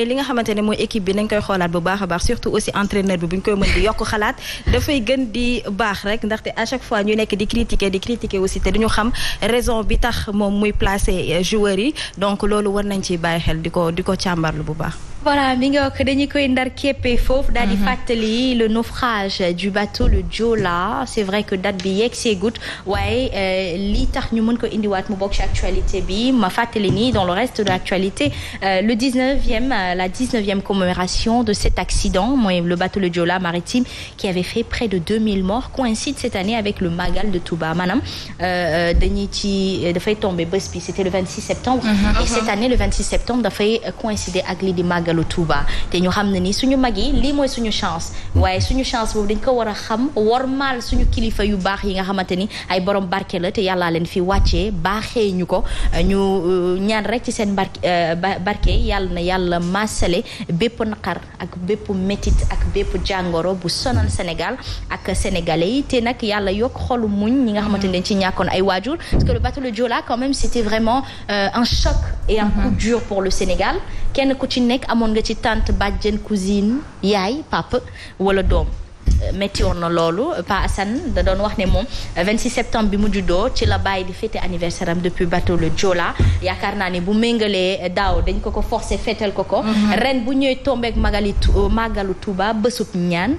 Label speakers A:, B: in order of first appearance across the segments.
A: li nga xamante ne mooy équipe bi nañ koy xoolaat bu baax a baax surtout aussi entraîneur bi bu koy mën di yokk xalaat dafay gën di baax rek ndaxte à chaque fois ñu nekk di critiquer di critiquer aussi te dañu xam raison bi tax moom muy placer joueurs yi donc loolu war nañ ci bàyyi xel di ko di ko càmbarlu bu baax voilà mi ngi wax dañu koy ndar képpee foofu daal di mhm. fàttali le naufrage du bateau le Joola c'est vrai que date bi yeeg see goutte waaye euh, li tax ñu mën ko indiwaat mu bokk ci actualité bi ma fàttali nii dans le reste de l'actualité euh, le 19e euh, la 19e commémoration de cet mooy le bateau le Joola maritime qui avait fait près de 2000 morts coïncide cette année avec le Magal de ci dafay tomber bés bi c'était le 26 septembre mhm. et cette année le 26 septembre dafay coïncider ak màggalu Touba te ñu xam na ni su ñu mag yi lii mooy su ñu chance waaye suñu chance boobu dañ ko war a xam wormaal suñu kilifa yu baax yi nga xamante ni ay boroom barke la te yàlla leen fi wàccee baaxee ñu ko ñu euh, ñaan rek ci seen barke euh, barke yàlla na yàlla maasale bépp naqar ak bépp métit ak bépp jàngoro bu sonal Sénégal ak sénégalais yi te nag yàlla yokk xolu muñ ñi nga xamante ni ci ñàkkoon ay waajur parce que le bateau le Joola quand même c'était vraiment euh, un choc et un coup mhm. dur pour le Sénégal kenn ku ci nekk amoon nga ci tante bàjjen cousine yaay papa wala doom euh, metti woon na loolu Pa da doon wax ne moom 26 euh, septembre bi mu juddoo ci la bàyyi di fêter anniversaire am depuis bateau le Joola yaakaar naa ne bu méngalee euh, daaw dañ ko ko forcé feetal ko ko mhm. ren bu ñëwee tombeek magalu Touba bésub ñaan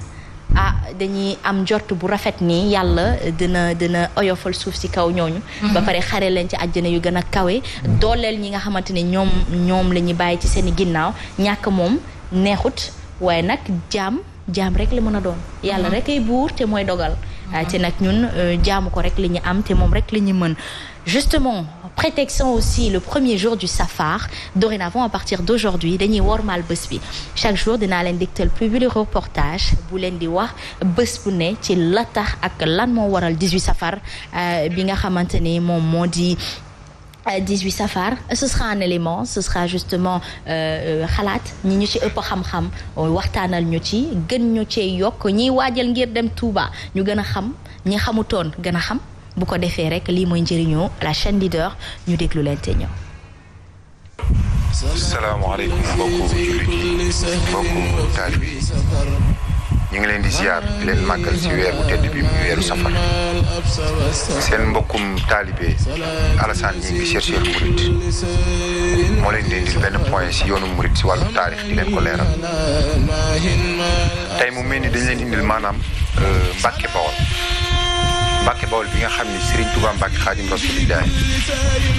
A: ah dañuy am jort bu rafet nii yàlla dina dina oyofal suuf si kaw ñooñu mm-hmm. ba pare xare leen ci àjjana yu gën a kawe dooleel ñi nga xamante ne ñoom ñoom la ñuy bàyyi ci seen i ginnaaw ñàkk moom neexut waaye nag jaam jaam rek la mën a doon yàlla mm-hmm. rek ay buur te mooy dogal Euh, te nag ñun euh, jaamu ko rek li ñu am te moom rek li ñu mën justement prétextant aussi le premier jour du safar dorénavant à partir d'aujourd'hui dañuy wormaal bés bi chaque jour dinaa leen diktal publier reportage bu leen di wax bés bu ne ci la ak lan moo waral 18 safar euh, bi nga xamante ni moom moo di 18 euh, safar euh, ce sera un élément ce sera justement euh, xalaat ñi ñu ci ëpp xam-xam waxtaanal ñu ci gën ñu cee yokk ñiy waajal ngir dem Touba ñu gën a xam ñi xamutoon gën a xam bu ko defee rek lii mooy njëriñu la chaîne leader ñu déglu leen te ñëw.
B: ñu ngi leen di ziar di leen màggal ci weeru tedd bi mu weeru safar seen mbokkum taalibe Alassane ñi ngi chercheur murit moo leen di indil benn point ci yoonu murit ci wàllu taarix di leen ko leeral tey mu mel ni dañ leen indil maanaam euh, Mbàkke Bawol Mbàkke Bawol bi nga xam ne Serigne Touba Mbàkke Xaadim Rasulillahi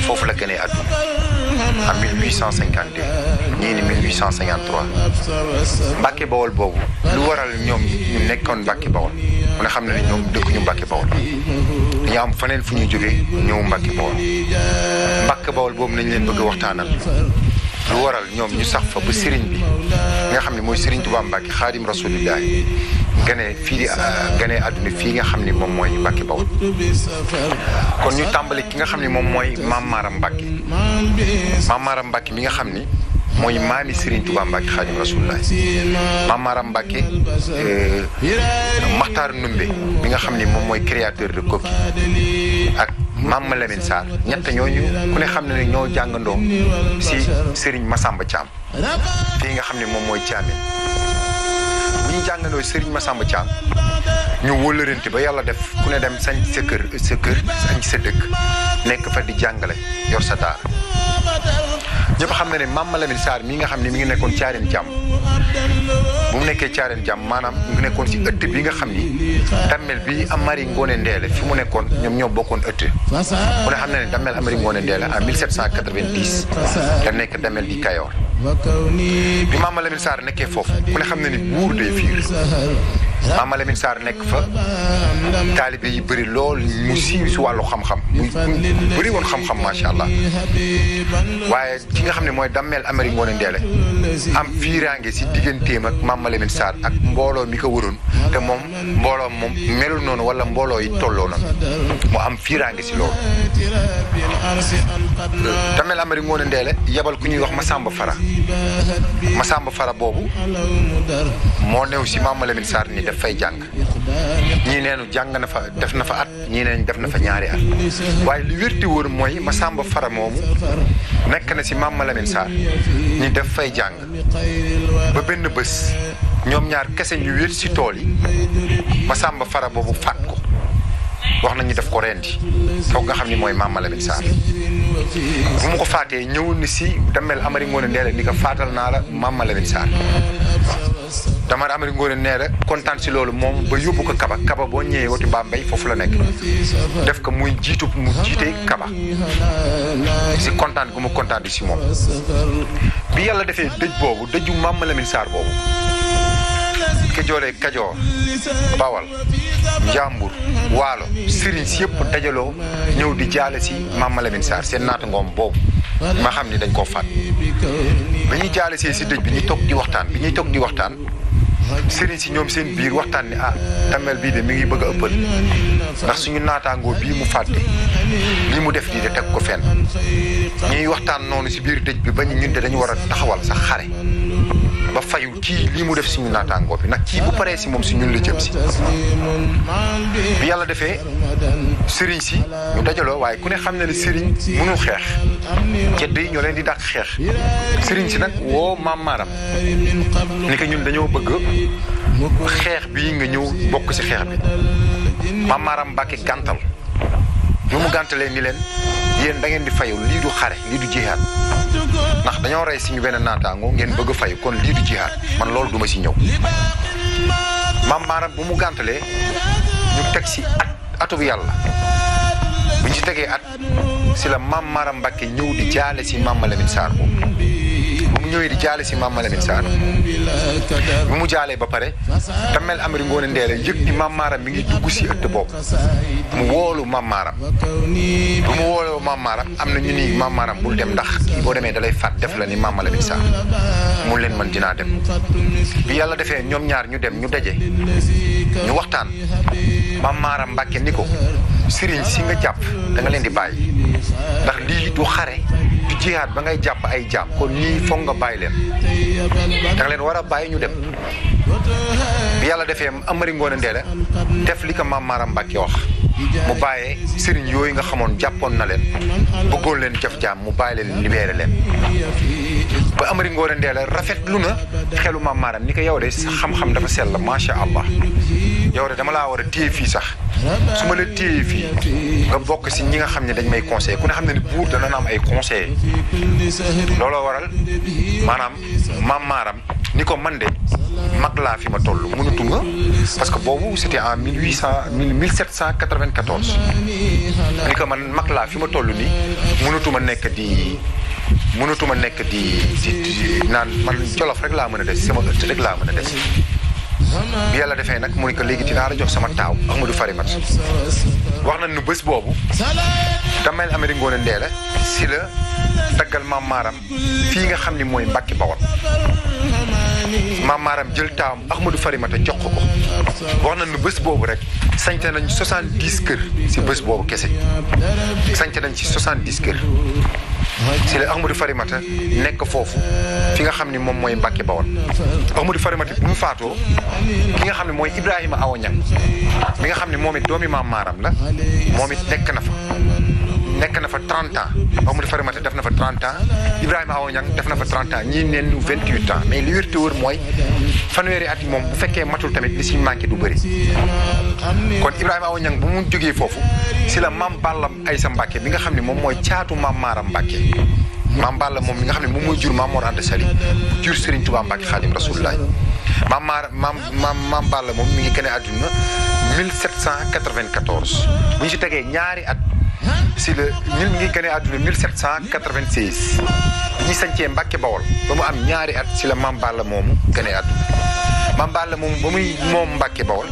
B: foofu la gënee àdduna en 1852 ñii ni 1853 Mbàkke Bawol boobu lu waral ñoom ñu nekkoon Mbàkke Bawol mu ne xam ne ne ñoom dëkkuñu Mbàkke Bawol dañu am faneen fu ñu jógee ñëw Mbàkke Bawol Mbàkke Bawol boobu nañ leen bëgg waxtaanal lu waral ñoom ñu sax fa ba sëriñ bi nga xam ne mooy sëriñ Tuubaa Mbàkke xaadim rasulillahi gane fii di gane fii nga xam ni moom mooy Mbàkke Bawol kon ñu tàmbali ki nga xam ni moom mooy Maam Maaram Mbàkke Maam Maaram Mbàkke mi nga xam ni mooy maami Serigne Touba Mbacke Xaadim Rasulullah Maam Maaram Mbacke eh, Maxtaar Numbe bi nga xam ni moom mooy créateur de Koki Mame Lamine Sarr ñett ñooñu ku ne xam ne ne ñoo jàngandoo si Serigne Massamba Thiam fii nga xam ne moom mooy Thiamène bu ñu jàngandoo Serigne Massamba Thiam ñu wëlërante ba yàlla def ku ne dem sañ sa kër sa kër sa dëkk nekk fa di jàngale yor sa daara ñépp xam na ne Mame Lamine Sarr mii nga xam ne mi ngi nekkoon caareen jàmm bu mu nekkee caareen jàmm maanaam mu nekkoon si ëtt bi nga xam ni dammel bi Amari Ngoone Ndeela fu mu nekkoon ñoom ñoo bokkoon ëtt mu ne xam na ne dammel Amari Ngoone Ndeela en 1790 da nekk dammel bi Kayoor
A: bi
B: Mame Lamine Sarr nekkee foofu ku ne xam na ni buur day fiir Mama Lamine Sarr nekk fa taalibe yi bëri lool mu siiw si wàllu xam-xam mu bëri woon xam-xam macha allah waaye ki nga xam ne mooy dammeel Amérique Ngoné Ndeele am fiiraange si digganteem ak Mama Lamine Sarr ak mbooloo mi ko wëroon te moom mbooloo moom melul noonu wala mbooloo yi tolloo noonu mu am fiiraange si lool Damel Amari Ngoone Ndeele yebal ku ñuy wax ma Massamba Fara Massamba Fara boobu moo new si Mame Lamine Sarr ni def fay jàng ñii neenu jàng na fa def na fa at ñii neen def na fa ñaari at waaye li wérti wóor mooy Massamba Fara moomu nekk na si Mame Lamine Sarr ñi def fay jàng ba benn bës ñoom ñaar kese ñu wéet si tool yi Massamba Fara boobu faat ko wax nañu def ko rendi foog nga xam ni mooy Mame Lamine Sarr bu ma ko faatee ñëwoon na si damel Amari Ngoone Ndeela ni ko naa la Mame Lamine Sarr dama Amari Ngoone kontaan si loolu moom ba yóbbu ko Kaba Kaba boo ñëwee wati Bambey foofu la nekk def ko muy jiitu mu jiite Kaba si kontaan gu ma kontaan di si moom bi yàlla defee dëj boobu dëju ma Lamine Sarr boobu kejoole kajoor bawal njàmbur waalo sëriñ si yëpp dajaloo ñëw di jaale si Mame Lamine Sarr seen naata ngoom boobu ma xam ni dañ koo faat ba ñuy jaale see si dëj bi ñu toog di waxtaan bi ñuy toog di waxtaan sëriñ si ñoom seen biir waxtaan ni ah Damel bii de mi ngi bëgg a ëppal ndax suñu naataangoo bii mu fàtte lii mu def di de teg ko fenn ñuy waxtaan noonu si biir dëj bi ba ñu ñun de dañu war a taxawal sax xare ba fayu ci lii mu def suñu naataangoo bi nag ci bu paree si moom si ñun la jëm si. bi yàlla defee sëriñ si ñu dajaloo waaye ku ne xam na ne sëriñ mënul xeex cedd yi ñoo leen di dàq xeex sëriñ si nag woo maam maaram ni ñun dañoo bëgg xeex bi nga ñëw bokk si xeex bi maam maaram Mbàkke gàntal ñu mu gàntalee ni leen. yéen da ngeen di fayu lii du xare lii du jihaad ndax dañoo rey suñu benn naataango ngeen bëgg a fayu kon lii du jihaad man loolu duma ci ñëw maam bu mu gàntalee ñu teg ci at atub yàlla bu ñu si tegee at si la maam maaram Mbàkke ñëw di jaale si maam Lamine Sarr boobu ñëwee di jaale si Mame Malamine Sano bi mu jaalee ba pare Damel Amari Ngoone Ndeela yëg ni Mame Maram mi ngi dugg si ëtt boobu mu woolu Mame Maram bi mu wooloo Mame Maram am na ñu ni Mame Maram bul dem ndax kii boo demee dalay fàtt def la ni Mame Malamine Sano mu leen mën dinaa dem yàlla defee ñoom ñaar ñu dem ñu daje waxtaan Mame Maram Mbàkke ni ko sëriñ si nga jàpp da leen di bàyyi ndax lii du xare du jihaat ba ngay jàpp ay jaam kon lii foog nga bàyyi leen danga leen war a bàyyi ñu dem bi yàlla defee Amari Ngoone Ndeela def li ko maam Maaram Mbàkke wax mu bàyyee sëriñ yooyu nga xamoon jàppoon na leen bëggoon leen jëf jaam mu bàyyi leen libéré leen ba Amari Ngoone Ndeela rafet lu na xelu maam ni ko yow de sa xam-xam dafa sell macha allah yow de dama laa war a téye fii sax su ma la téye fii nga bokk si ñi nga xam ne dañ may conseil ku ne xam ne ni buur dana na am ay conseil looloo waral maanaam maam maaraam ni ko man de mag laa fi ma toll mënatuma parce que boobu c'était en mille huit cent mille sept cent quatre-vingt-quatorze ni ko man mag laa fi ma toll nii mënatuma nekk di mënatuma nekk di di naan man jolof rek laa mën a des sama ëtt rek laa mën a des bi yàlla defee nag mu ne ko léegi dinaa la jox sama taaw du Farimat wax nañ nu bés boobu damay Amari Ngoone Ndeela si la daggal maam maaram fii nga xam ni mooy Mbàkke Bawol maam maaram jël taawam Ahmadou Farimata jox ko wax nañu bés boobu rek sañte nañ soixante dix kër si bés boobu kese sañte nañ si soixante dix kër si la Ahmadou Farimata nekk foofu fi nga xam ni moom mooy Mbàkke Bawol Ahmadou Farimata bi mu faatoo ki nga xam ne mooy Ibrahima Awa Niang mi nga xam ne moom it doomi maam maaram la moom it nekk na fa nekk na fa 30 ans Amadou Farimata def na fa 30 ans Ibrahima Awa Niang def na fa 30 ans ñii neen ñu 28 ans mais li wér te wër mooy fanweeri at yi moom bu fekkee matul tamit li si manqué du bëri. kon Ibrahima Awa Niang bu mu jógee foofu si la maam Ballam sa Mbàkke bi nga xam ne moom mooy caatu maam Maaram Mbàkke maam Balla moom mi nga xam ne moom mooy jur maam Mor Anta Sali jur Serigne Touba Mbacke Xaadim Rasulullah maam maam maam maam Balla moom mi ngi gën a àdduna 1794 bu si tegee ñaari at si le ñun mi ngi gane àdduna 1786 bi ñu sañcee Mbàkke Bawol ba mu am ñaari at si la Maam Balla moomu gane àdduna Mame Balla moom ba muy moom Mbàkke Bawol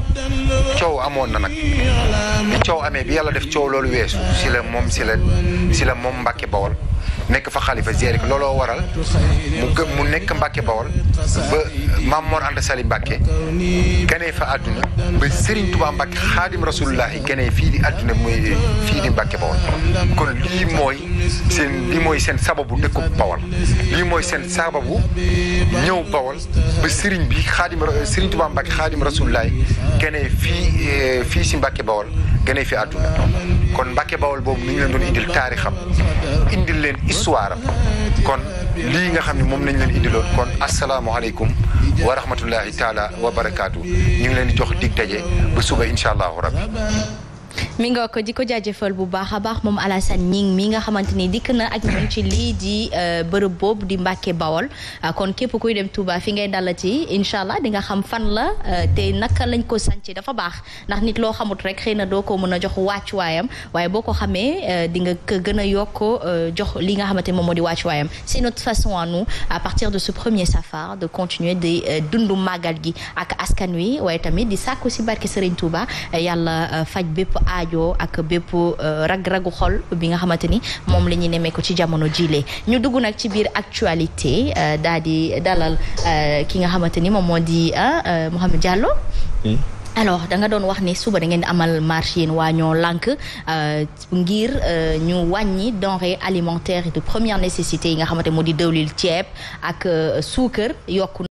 B: coow amoon na nag bi coow amee bi yàlla def coow loolu weesu si la moom si la moom Mbàkke Bawol nekk fa xalifa gérer ko looloo waral mu gëm mu nekk Mbàkke Bawol ba Maam Mor Anta Sali Mbàkke ganee fa àdduna ba sëriñ Touba Mbàkke xaadim rasulullahi ganee fii di àdduna muy fii di Mbàkke Bawol kon lii mooy seen lii mooy seen sababu dëkku Bawol lii mooy seen sababu ñëw Bawol ba Serigne bi xaadim Serigne Touba Mbacke xaadim rasulullah gane fii eh, fii si Mbacke Bawol gane fi àdduna kon Mbacke Bawol boobu ni ñu leen doon indil taarixam indil leen histoire kon lii nga xam ne moom nañ leen indiloon kon asalaamaaleykum wa rahmatullahi taala wa barakaatu ñu ngi leen di jox dig daje bu suba incha allahu rabbi
A: mi nga ko di ko jaajëfal bu baax a baax moom Alassane Ning mii nga xamante ni dikk na ak ñun ci lii di euh, bërëb boobu di Mbàkke Bawol euh, kon képp kuy dem Touba fi ngay dalati incha allah di nga xam fan la euh, te naka lañ ko sànci dafa baax ndax nit loo xamut rek xëy na doo ko mën a jox wàccuwaayam waaye boo ko xamee di nga gën a yokk jox li nga xamante ni moom moo di wàccuwaayam si notre façon à nous à partir de ce premier safar de continuer di dundu màggal gi ak askan wi waaye tamit di sàkku si barke Serigne Touba aajoo ak bépp euh, rag-ragu xol bi nga xamante ni moom la ñuy nemmeeku ci jamono jilee ñu dugg nag ci biir actualité euh, daal di dalal euh, ki nga xamante ni moom moo di ah, Mouhamed Diallo alors da nga doon wax ni suba da ngeen di amal marché yéen waa ñoo lànk ngir ñu wàññi denrée alimentaire de première nécessité yi nga xamante moo di dëwlil ceeb ak suukar yokku